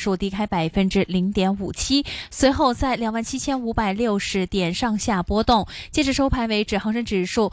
數低開百分之零點五七，隨後在兩萬七千五百六十點上下波動，截止收盤為止，恒生指數。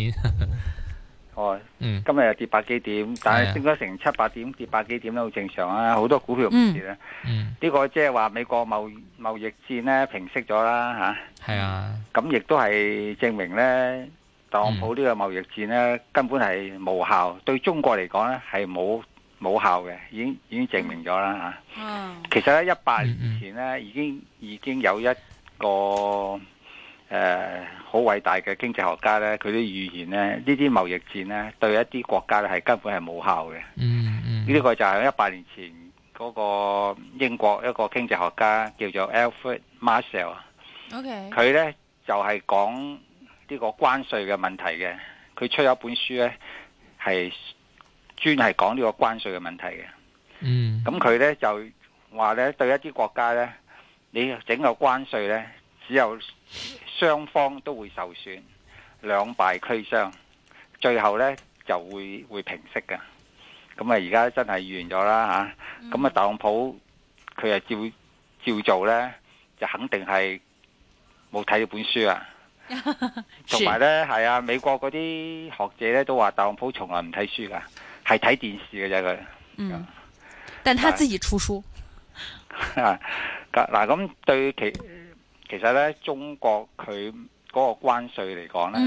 哦，嗯，今日又跌百幾點，但係升咗成七八點，跌百幾點都好正常啊，好多股票唔跌啦。嗯，呢個即係話美國貿貿易戰咧平息咗啦，吓。係啊，咁亦都係證明咧，特朗普呢個貿易戰咧根本係無效，對中國嚟講咧係冇冇效嘅，已經已經證明咗啦吓。嗯，其實咧一八年前咧已經已經有一個。誒好、呃、偉大嘅經濟學家咧，佢啲預言咧，呢啲貿易戰咧，對一啲國家咧係根本係冇效嘅。嗯、mm，呢、hmm. 個就係一百年前嗰、那個英國一個經濟學家叫做 Alfred Marshall 啊 Okay.。OK，佢咧就係、是、講呢個關稅嘅問題嘅。佢出咗一本書咧，係專係講呢個關稅嘅問題嘅。嗯、mm，咁佢咧就話咧對一啲國家咧，你整個關稅咧只有。雙方都會受損，兩敗俱傷，最後呢就會會平息噶。咁啊，而家真係完咗啦吓。咁啊，特朗普佢啊照照做呢，就肯定係冇睇到本書啊。同埋 呢，係啊，美國嗰啲學者呢都話，特朗普從來唔睇書噶，係睇電視嘅啫佢。但他自己出書。嗱咁、啊啊、對其。其實咧，中國佢嗰個關稅嚟講咧，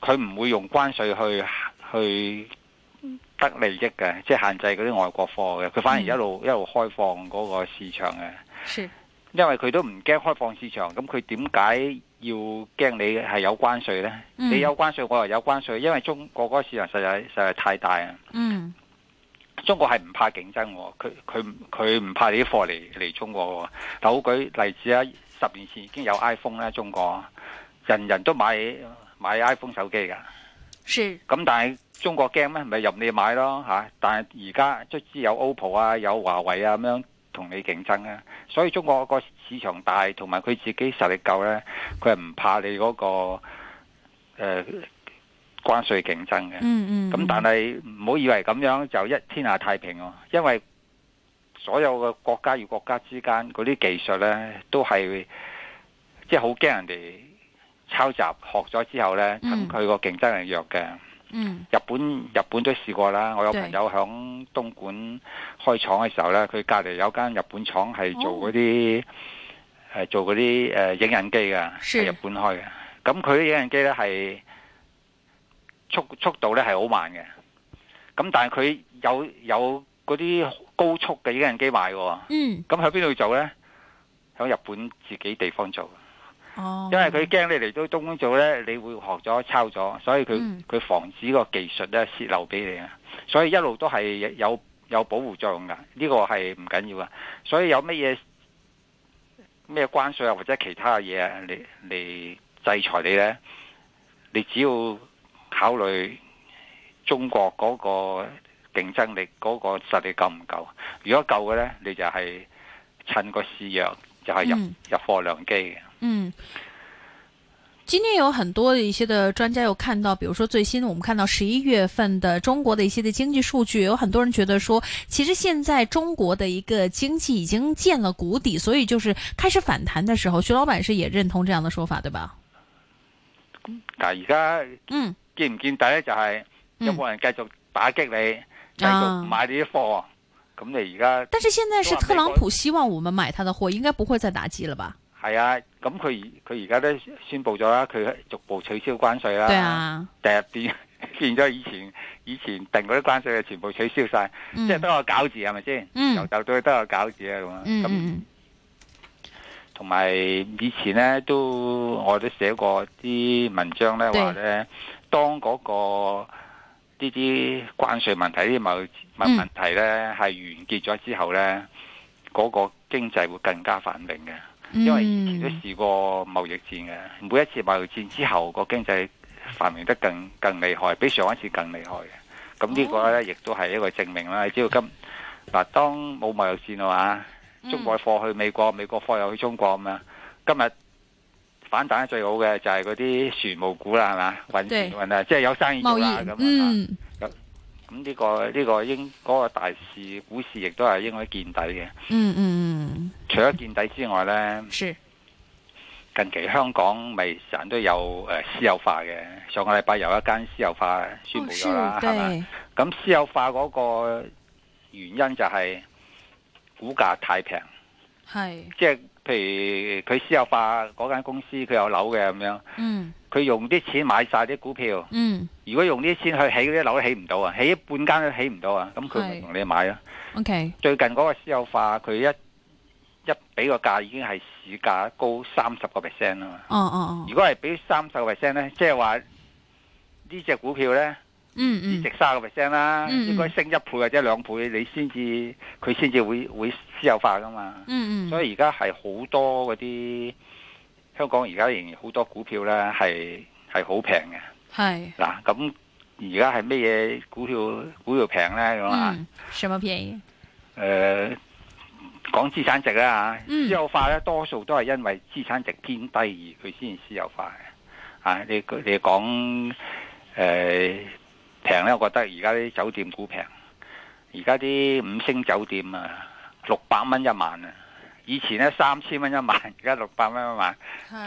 佢唔、嗯、會用關稅去去得利益嘅，即係限制嗰啲外國貨嘅。佢反而一路、嗯、一路開放嗰個市場嘅，是因為佢都唔驚開放市場。咁佢點解要驚你係有關稅呢？你有關稅，我又有關稅，因為中國嗰個市場實在實在太大啊。嗯中國係唔怕競爭嘅，佢佢佢唔怕你啲貨嚟嚟中國。但好舉例子啊，十年前已經有 iPhone 啦，中國人人都買買 iPhone 手機㗎。咁是但係中國驚咩？咪任你買咯嚇。但係而家卒之有 OPPO 啊，有華為啊，咁樣同你競爭啊。所以中國個市場大，同埋佢自己實力夠呢，佢係唔怕你嗰、嗰個、呃關稅競爭嘅，咁、嗯嗯、但係唔好以為咁樣就一天下太平哦，因為所有嘅國家與國家之間嗰啲技術呢都係即係好驚人哋抄襲學咗之後呢，咁佢個競爭力弱嘅。日本、嗯、日本都試過啦，我有朋友響東莞開廠嘅時候呢，佢隔籬有間日本廠係做嗰啲、哦啊、做嗰啲誒影印機嘅，喺是日本開嘅。咁佢啲影印機呢係。是速速度咧係好慢嘅，咁但係佢有有嗰啲高速嘅影印機賣嘅，咁喺邊度做呢？喺日本自己地方做，哦、因為佢驚你嚟到東京做呢，你會學咗抄咗，所以佢佢、嗯、防止個技術呢泄漏俾你啊！所以一路都係有有保護作用噶，呢、這個係唔緊要噶。所以有乜嘢咩關稅啊或者其他嘅嘢嚟嚟制裁你呢？你只要考慮中國嗰個競爭力，嗰個實力夠唔夠？如果夠嘅呢，你就係趁個市弱，就係、是、入、嗯、入貨良機嘅。嗯，今天有很多一些的專家又看到，比如說最新我們看到十一月份的中國的一些的經濟數據，有很多人覺得說，其實現在中國的一個經濟已經見了谷底，所以就是開始反彈的時候。徐老闆是也認同這樣的說法，對吧？但係而家嗯。嗯見唔見底咧？就係、是、有冇人繼續打擊你，嗯、繼續買你啲貨？咁、啊、你而家？但是現在是特朗普希望我們買他的貨，應該不會再打擊了吧？係啊，咁佢佢而家都宣布咗啦，佢逐步取消關稅啦。對啊，第日變變咗以前以前定嗰啲關稅，全部取消晒，即係、嗯、得個餃子係咪先？是是嗯，由頭到尾得個餃子啊咁啊。嗯。同埋那、嗯、以前咧，都我都寫過啲文章咧，話咧。當嗰個呢啲關稅問題啲貿易問題咧，係完結咗之後咧，嗰個經濟會更加繁榮嘅。因為以前都試過貿易戰嘅，每一次貿易戰之後個經濟繁榮得更更厲害，比上一次更厲害嘅。咁呢個咧亦都係一個證明啦。你知道今嗱，當冇貿易戰嘅話，中國貨去美國，美國貨又去中國咁樣，今日。反彈最好嘅就係嗰啲船務股啦，係嘛？運船啊，即係對、就是，有生意做啦咁咁呢個呢、這個應嗰、那個、大市股市亦都係應該見底嘅，嗯。嗯嗯嗯。除咗見底之外咧，是近期香港咪成日都有誒私有化嘅。上個禮拜有一間私有化宣布咗啦，係嘛，哦？咁私有化嗰個原因就係股價太平，係即係。就是譬如佢私有化嗰間公司有樓的，佢有樓嘅咁樣，佢用啲錢買晒啲股票。嗯、如果用啲錢去起嗰啲樓都起唔到啊，起一半間都起唔到啊，咁佢咪同你買啦。Okay, 最近嗰個私有化，佢一一俾個價已經係市價高三十個 percent 啊嘛。哦哦哦，如果係俾三十個 percent 咧，即係話呢隻股票咧，市、嗯嗯、值三十個 percent 啦，嗯嗯應該升一倍或者兩倍，你先至佢先至會會。會私有化噶嘛，嗯嗯所以而家係好多嗰啲香港而家仍然好多股票咧，係係好平嘅。係嗱，咁而家係咩嘢股票股票平咧咁啊？什麼便宜？誒、嗯，講資產值啦。吓、嗯，私有化咧多數都係因為資產值偏低而佢先私有化嘅。啊，你佢你講誒平咧，我覺得而家啲酒店股平，而家啲五星酒店啊。六百蚊一萬啊！以前咧三千蚊一萬，而家六百蚊一萬，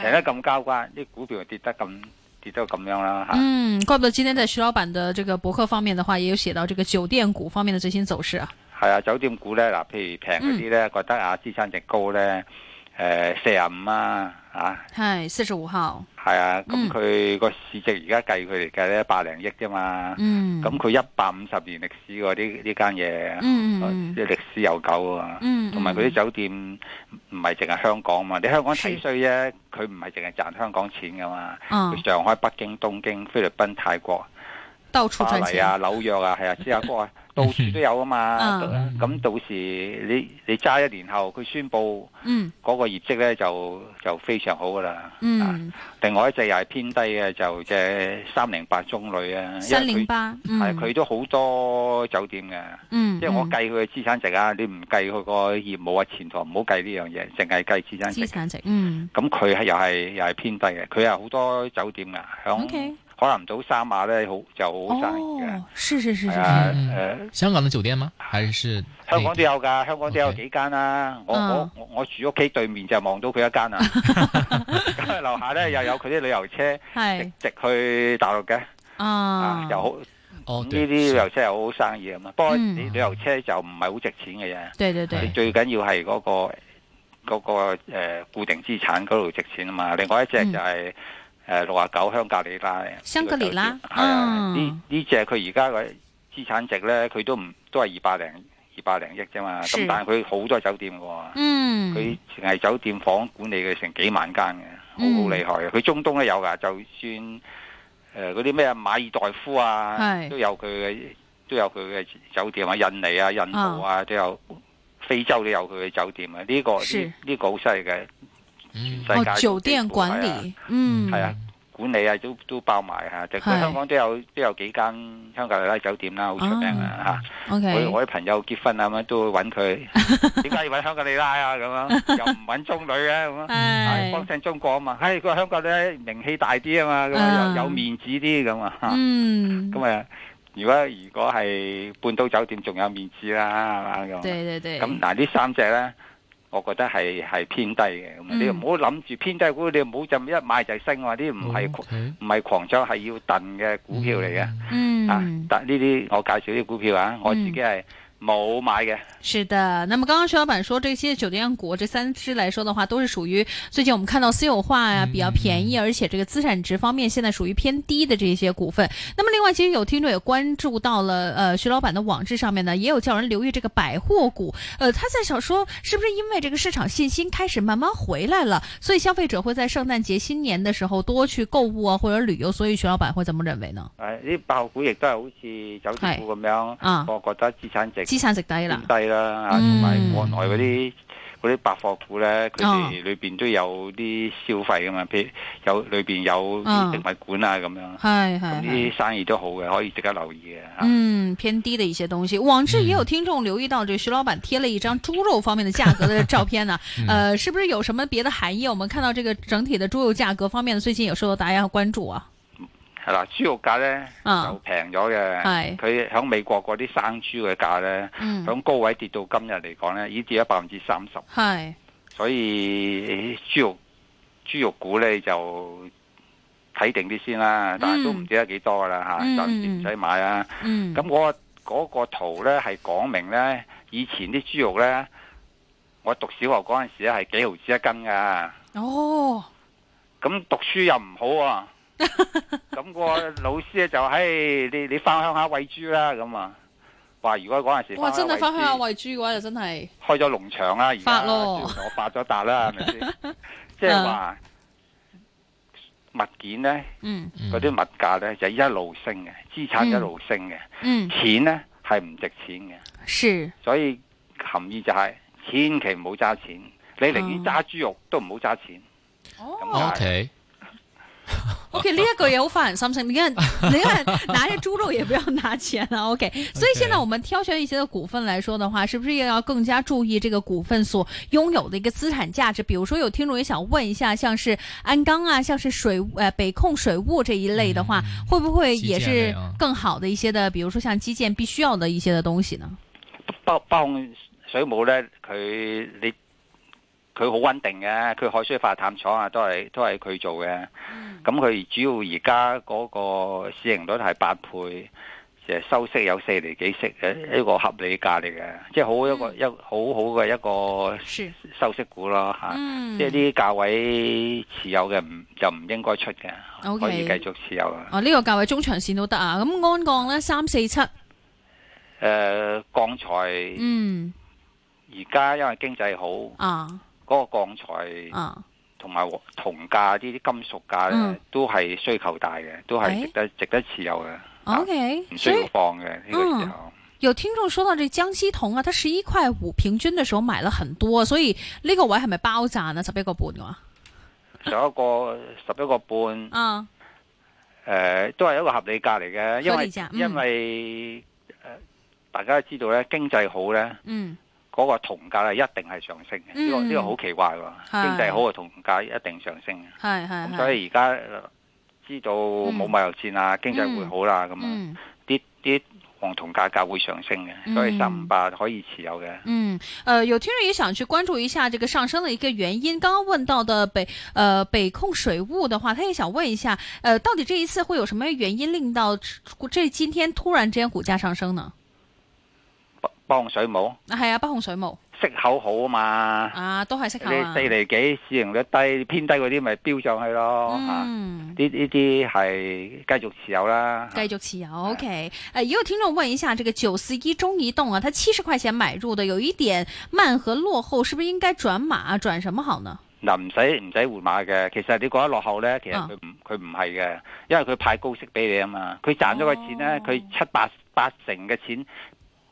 平得咁交關，啲股票跌得咁跌到咁樣啦吓！嗯，怪唔得今天在徐老闆的這個博客方面的話，也有寫到這個酒店股方面的最新走勢啊！係啊，酒店股咧嗱，譬如平嗰啲咧，覺得資產、嗯呃、啊，資產值高咧，誒，四十五啊。啊，係四十五號。係啊，咁佢個市值而家計佢嚟計咧，百零億啫嘛。嗯，咁佢一百五十年歷史嗰啲呢間嘢，嗯，啲歷史悠久啊。嗯，同埋佢啲酒店唔係淨係香港啊嘛，你香港睇衰啫，佢唔係淨係賺香港錢噶嘛。嗯，佢上海、北京、東京、菲律賓、泰國，到處賺錢啊，紐約啊，係啊，芝加哥。啊。 到處都有啊嘛，咁、嗯、到時你你揸一年後，佢宣佈嗰個業績咧就、嗯、就非常好噶啦。嗯、啊，另外一隻又係偏低嘅，就隻三零八中旅啊。三零八，嗯，因為佢都好多酒店嘅。嗯，即係我計佢嘅資產值啊，你唔計佢個業務啊、前途，唔好計呢樣嘢，淨係計資產值。資產值，嗯。咁佢又係又係偏低嘅，佢係好多酒店嘅，響。Okay 海南島三亞咧好就好生意嘅，是啊，誒，香港的酒店嗎？還是香港都有噶，香港都有幾間啦。我我我住屋企對面就望到佢一間啊，咁啊樓下咧又有佢啲旅遊車直直去大陸嘅，啊又好，呢啲旅遊車係好好生意啊嘛。不過你旅遊車就唔係好值錢嘅嘢，對對對，你最緊要係嗰個嗰個誒固定資產嗰度值錢啊嘛。另外一隻就係。誒六啊九香格里拉，香格里拉，係啊！呢呢隻佢而家嘅資產值咧，佢都唔都係二百零二百零億啫嘛。咁是但係佢好多酒店嘅喎，嗯，佢淨係酒店房管理嘅成幾萬間嘅，嗯、好厲害。佢中東都有㗎，就算誒嗰啲咩馬爾代夫啊，是都有佢嘅，都有佢嘅酒店啊。印尼啊、印度啊、嗯、都有非洲都有佢嘅酒店啊。呢、這個呢是個好犀利嘅。哦，酒店管理，嗯，係啊，管理啊都都包埋吓，即係香港都有都有幾間香格里拉酒店啦，好出名啊吓。我我啲朋友結婚啊咁樣都搵佢，點解要搵香格里拉啊咁啊？又唔搵中旅嘅咁啊？幫襯中國啊嘛？嘿，佢香格里拉名氣大啲啊嘛，咁啊有有面子啲咁啊。嗯，咁啊，如果如果係半島酒店仲有面子啦，係嘛咁。對對對，咁嗱呢三隻咧。我覺得係係偏低嘅，嗯，你唔好諗住偏低股，你唔好就一買就升啊！啲唔係唔係狂漲，係要燉嘅股票嚟嘅。但呢啲我介紹啲股票啊，我自己係。嗯冇買嘅，是的。那麼剛剛徐老闆說，這些酒店股這三隻來說的話，都是屬於最近我們看到私有化呀、啊、比較便宜，而且這個資產值方面現在屬於偏低的這些股份。嗯、那麼另外，其實有聽眾也關注到了，呃，徐老闆的網誌上面呢，也有叫人留意這個百貨股。呃，他在想說，是不是因為這個市場信心開始慢慢回來了，所以消費者會在聖誕節、新年的時候多去購物啊或者旅游，所以徐老闆會怎麼認為呢？誒，啲百貨股亦都係好似酒店股咁樣，啊、我覺得資產值。生產食低啦，同埋國內嗰啲嗰啲百貨股咧，佢哋裏邊都有啲消費噶嘛，譬如、哦、有裏邊有啲食物館啊咁樣，同啲、嗯、生意都好嘅，可以值得留意嘅。嗯，偏低的一些東西，往日也有聽眾留意到，就徐老闆貼了一張豬肉方面的價格的照片呢、啊。 嗯、呃，是不是有什麼別的含義？我們看到這個整體的豬肉價格方面最近有受到大家關注啊。係啦，豬肉價咧就平咗嘅。佢喺、啊、美國嗰啲生豬嘅價咧，響、嗯、高位跌到今日嚟講咧，已經跌咗百分之三十。係，是所以豬、哎、肉豬肉股咧就睇定啲先啦。但係都唔知得幾多啦嚇，暫時唔使買啦、啊。咁、嗯嗯、我嗰、那個圖咧係講明咧，以前啲豬肉咧，我讀小學嗰陣時咧係幾毫紙一斤噶。哦，咁讀書又唔好喎、啊。咁個老師咧就話，唉，你你翻鄉下餵豬啦，咁啊，話如果嗰陣時哇，真係翻鄉下餵豬嘅話，就真係開咗農場啦，而家我發咗達啦，係咪先？即係話物件呢，嗰啲物價呢，就一路升嘅，資產一路升嘅，嗯，錢咧係唔值錢嘅，所以含義就係千祈唔好揸錢，你寧願揸豬肉都唔好揸錢，哦，OK。OK，呢一個嘢好煩 something 你。你看，你看拿着豬肉也不要拿錢啊。OK，, okay. 所以現在我們挑選一些的股份來說的話，是不是又要更加注意這個股份所擁有的一個資產價值？比如說，有聽眾也想問一下，像是鞍鋼啊，像是水呃北控水務這一類的話，嗯、會不會也是更好的一些的？比如說，像基建必須要的一些的東西呢？包包水務呢，佢你佢好穩定嘅，佢海水化淡廠啊，都係都係佢做嘅。咁佢、嗯、主要而家嗰個市盈率係八倍，誒收息有四厘幾息嘅、嗯、一個合理價嚟嘅，即係、嗯、好一一好好嘅一個收息股咯吓、啊嗯、即係呢啲價位持有嘅唔就唔應該出嘅，okay, 可以繼續持有啦。哦、啊，呢、呢個價位中長線都得啊。咁鞍鋼咧，三四七。誒、呃、鋼材。嗯。而家因為經濟好。啊。嗰個鋼材。啊。同埋銅價呢啲金屬價都係需求大嘅，都係值得、欸、值得持有嘅。OK，唔需要放嘅呢個時候。有聽眾說到，這江西銅啊，他十一塊五平均的時候買了很多，所以呢個位係咪包賺呢？十一個半啊？有一個十一個半啊？誒、嗯呃，都係一個合理價嚟嘅，因為、嗯、因為誒、呃、大家知道咧，經濟好咧。嗯。嗰個銅價咧一定係上升嘅，呢、嗯這個呢、這個好奇怪喎！是經濟好嘅銅價一定上升嘅，係係。咁、嗯、所以而家知道冇貿易戰啊，嗯、經濟會好啦，咁啊啲啲黃銅價格會上升嘅，所以十五八可以持有嘅、嗯。嗯，誒、呃，有聽眾也想去關注一下這個上升嘅一個原因。剛剛問到的北誒、呃、北控水務的話，他也想問一下，誒、呃、到底這一次會有什麼原因令到這今天突然之間股價上升呢？幫水母，係啊，北控水母息口好啊嘛，啊都係息口啊。你四厘幾市盈率低，偏低嗰啲咪飚上去咯。嗯，呢呢啲係繼續持有啦。繼續持有是，OK、呃。誒，有聽眾問一下，這個九四一中移動啊，佢七十塊錢買入的，有一點慢和落後，是不是應該轉馬？轉什麼好呢？嗱、啊，唔使唔使換馬嘅。其實你覺得落後咧，其實佢唔佢唔係嘅，因為佢派高息俾你啊嘛。佢賺咗個錢咧，佢、哦、七八八成嘅錢。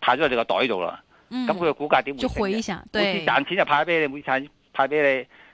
派咗喺你個袋度啦，咁佢嘅股價點會升嘅？好似賺錢就派俾你，每次賺錢派俾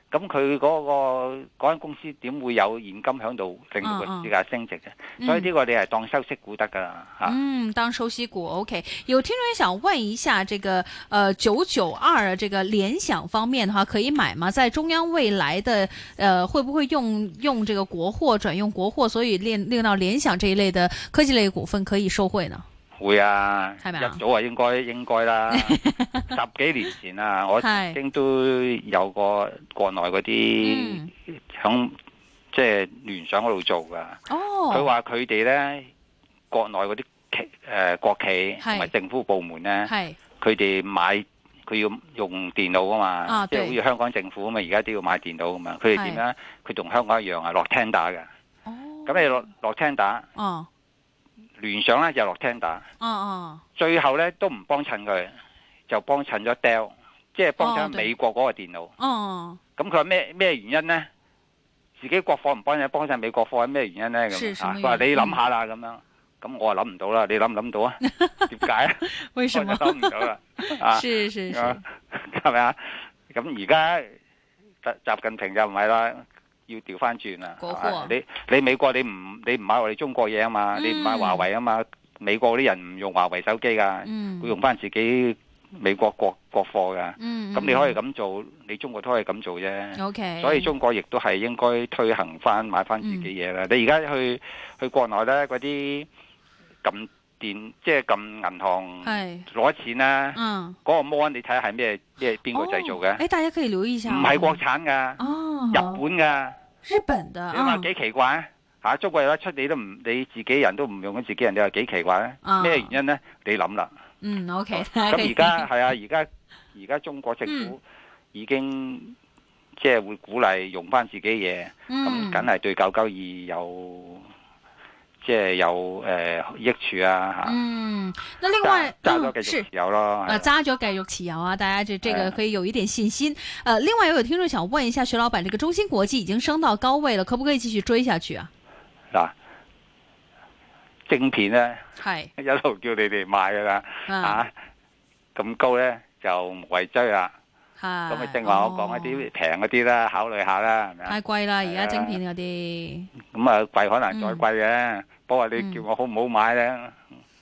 你，咁佢嗰個間、那個那個、公司點會有現金喺度令到佢股價升值嘅？啊啊所以呢個你係當收息股得噶啦吓。嗯、啊、當收息股 OK。有聽眾想問一下，這個，呃，九九二，這個聯想方面的話可以買嗎？在中央未來的，呃，會不會用用這個國貨轉用國貨，所以令令到聯想這一類的科技類股份可以受惠呢？會啊，入、啊、早啊應該應該啦， 十幾年前啊，我曾經都有過國內嗰啲響即係聯想嗰度做噶。哦，佢話佢哋呢，國內嗰啲企誒國企同埋政府部門呢，佢哋買佢要用電腦啊嘛，即係、啊、好似香港政府咁啊，而家都要買電腦咁嘛。佢哋點樣？佢同是香港一樣啊，落廳打噶。咁、哦、你落落廳打。哦。聯想咧就落聽打，哦哦，最後咧都唔幫襯佢，就幫襯咗 Dell，即係幫襯美國嗰個電腦，哦哦，咁佢話咩咩原因咧？自己國貨唔幫嘅，幫晒美國貨，係咩原因咧？咁啊，佢話你諗下啦，咁樣，咁我啊諗唔到啦，你諗唔諗到啊？點解？我就？諗唔到啦，啊，係咪啊？咁而家習習近平就唔係啦。要調翻轉啊！你你美國你唔你唔買我哋中國嘢啊嘛，你唔買華為啊嘛，美國啲人唔用華為手機噶，會用翻自己美國國國貨噶。咁你可以咁做，你中國都可以咁做啫。所以中國亦都係應該推行翻買翻自己嘢啦。你而家去去國內咧，嗰啲撳電即係撳銀行攞錢啊，嗰個 mon 你睇下係咩即係邊個製造嘅？誒大家可以留意一下，唔係國產㗎，日本㗎。日本的你話幾奇怪啊吓、啊、中國又攞出你都唔你自己人都唔用緊自己人你話幾奇怪咧、啊？咩、oh. 原因咧？你諗啦。嗯，OK。咁而家係啊，而家而家中國政府已經即係、就是、會鼓勵用翻自己嘢，咁梗係對九九二有。即係有誒益處啊吓，嗯，那另外揸咗繼續持有咯，揸咗是吧繼續持有啊，大家即係呢個可以有一點信心。誒、啊啊，另外又有聽眾想問一下，徐老闆，呢、這個中芯國際已經升到高位喇，可唔可以繼續追下去啊？嗱，晶片咧係是一路叫你哋買噶啦，啊，咁高咧就無謂追啊。咁啊，正話我講一啲平嗰啲啦，考慮下啦，係咪啊？太貴啦，而家晶片嗰啲。咁啊，貴可能再貴嘅，不過你叫我好唔好買咧？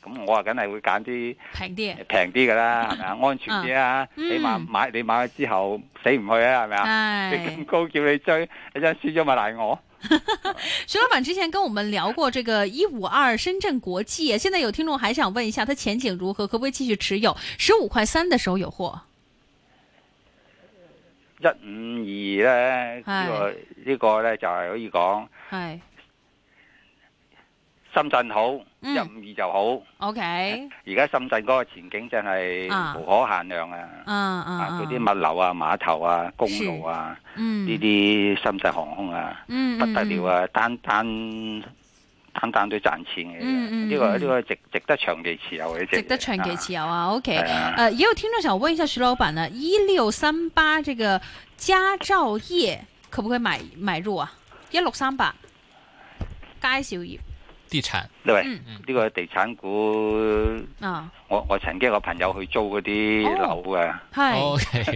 咁我啊，梗係會揀啲平啲，平啲噶啦，係咪啊？安全啲啊，起碼買你買咗之後死唔去啊，係咪啊？你咁高叫你追，你真係輸咗咪賴我？徐老闆之前跟我們聊過這個一五二深圳國際，現在有聽眾還想問一下，佢前景如何，可唔可以繼續持有？十五塊三的時候有貨。一五二咧，2 2呢是、這個這個呢個咧就係、是、可以講，是深圳好，一五二就好。O K，而家深圳嗰個前景真係無可限量啊！嗰啲物流啊、碼頭啊、公路啊，呢啲、嗯、深圳航空啊，嗯、不得了啊！單單簡單對賺錢嘅，呢、嗯嗯這個呢、這個值值得長期持有嘅，這個、值得長期持有啊。啊 OK，誒，啊啊、也有聽眾想問一下徐老闆啊，一六三八這個佳兆業可唔可以買買入啊？一六三八佳兆業。地產，呢位呢個地產股，啊，我我曾經有個朋友去租嗰啲樓啊，係，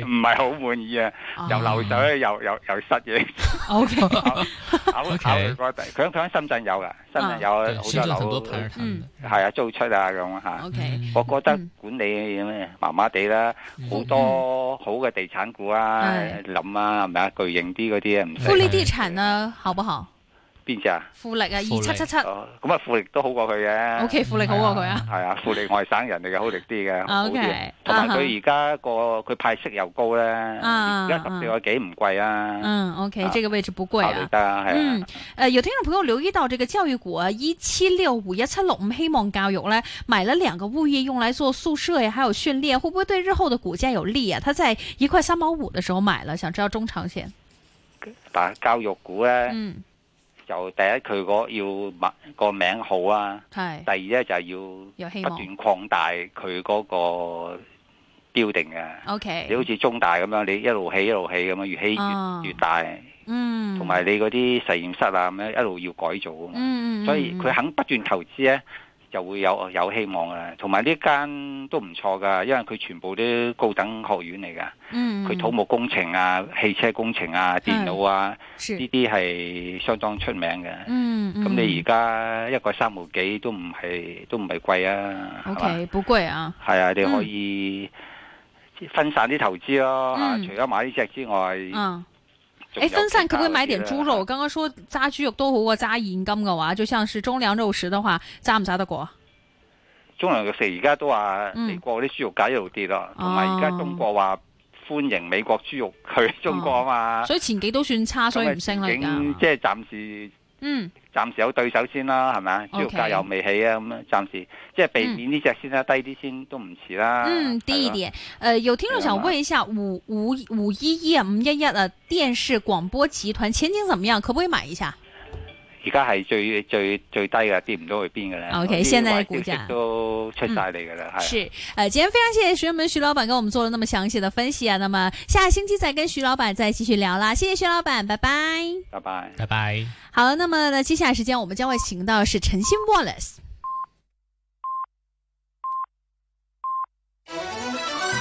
唔係好滿意啊，又漏水又又又失嘢，ok，ok，佢佢喺深圳有噶，深圳有好多樓，嗯，係啊，租出啊咁啊吓，ok，我覺得管理咁樣麻麻地啦，好多好嘅地產股啊，諗，啊，係咪啊，巨型啲嗰啲啊，富力地產呢，好不好？邊隻啊？富力啊，二七七七。咁啊，富力都好過佢嘅。O K，富力好過佢啊。係啊，富力外省人嚟嘅，好力啲嘅，好啲。同埋佢而家個佢派息又高咧，而家十四個幾唔貴啊，嗯，O K，呢個位置唔貴啊。嗯，誒，有聽眾朋友留意到這個教育股啊，一七六五，一七六五，希望教育咧，買咗兩個物業用來做宿舍呀，還有訓練，會唔會對日後嘅股價有利啊？他在一塊三毛五嘅時候買了，想知道中長線。但係教育股咧。嗯。就第一佢嗰要物個名好啊。是第二呢，就係、是、要不斷擴大佢嗰個標定嘅。OK，你好似中大咁樣，你一路起一路起咁樣越起越、啊、越大，嗯，同埋你嗰啲實驗室啊咁樣一路要改造。啊嘛、嗯嗯嗯嗯，所以佢肯不斷投資呢。就會有有希望嘅，同埋呢間都唔錯噶，因為佢全部都高等學院嚟噶，佢、嗯、土木工程啊、汽車工程啊、嗯、電腦啊，呢啲係相當出名嘅。咁、嗯嗯嗯、你而家一個三毫幾都唔係都唔係貴啊，好 OK 不貴啊，係啊，你可以分散啲投資咯、啊嗯啊。除咗買呢隻之外，嗯。誒，分散佢唔可以買點豬肉？剛剛說揸豬肉都好過揸現金嘅話，就像是中糧肉食嘅話，揸唔揸得過？中糧肉食而家都話，美國啲豬肉價一路跌咯，同埋而家中國話歡迎美國豬肉去中國嘛、嗯、啊嘛、啊，所以前景都算差，所以唔升啦而家。即係暫時。嗯，暫時有對手先啦，係咪？要加油未起啊，咁樣 okay,、嗯、暫時即係避免呢隻先啦，低啲先都唔遲啦。嗯，低一點。誒、嗯吧呃，有聽眾想問一下吧五五五一一五一一啊，電視廣播集團前景怎麼樣？可不可以買一下？而家係最最最低嘅，跌唔到去邊嘅咧。OK，以現在的股價都出晒嚟嘅啦，係、嗯。是，誒、呃，今天非常謝謝徐潤民徐老闆跟我們做了那麼詳細嘅分析啊。那麼下星期再跟徐老闆再繼續聊啦。謝謝徐老闆，拜拜。拜拜 bye，拜拜。好，那麼呢，接下來時間我們將會請到是陳新 Wallace。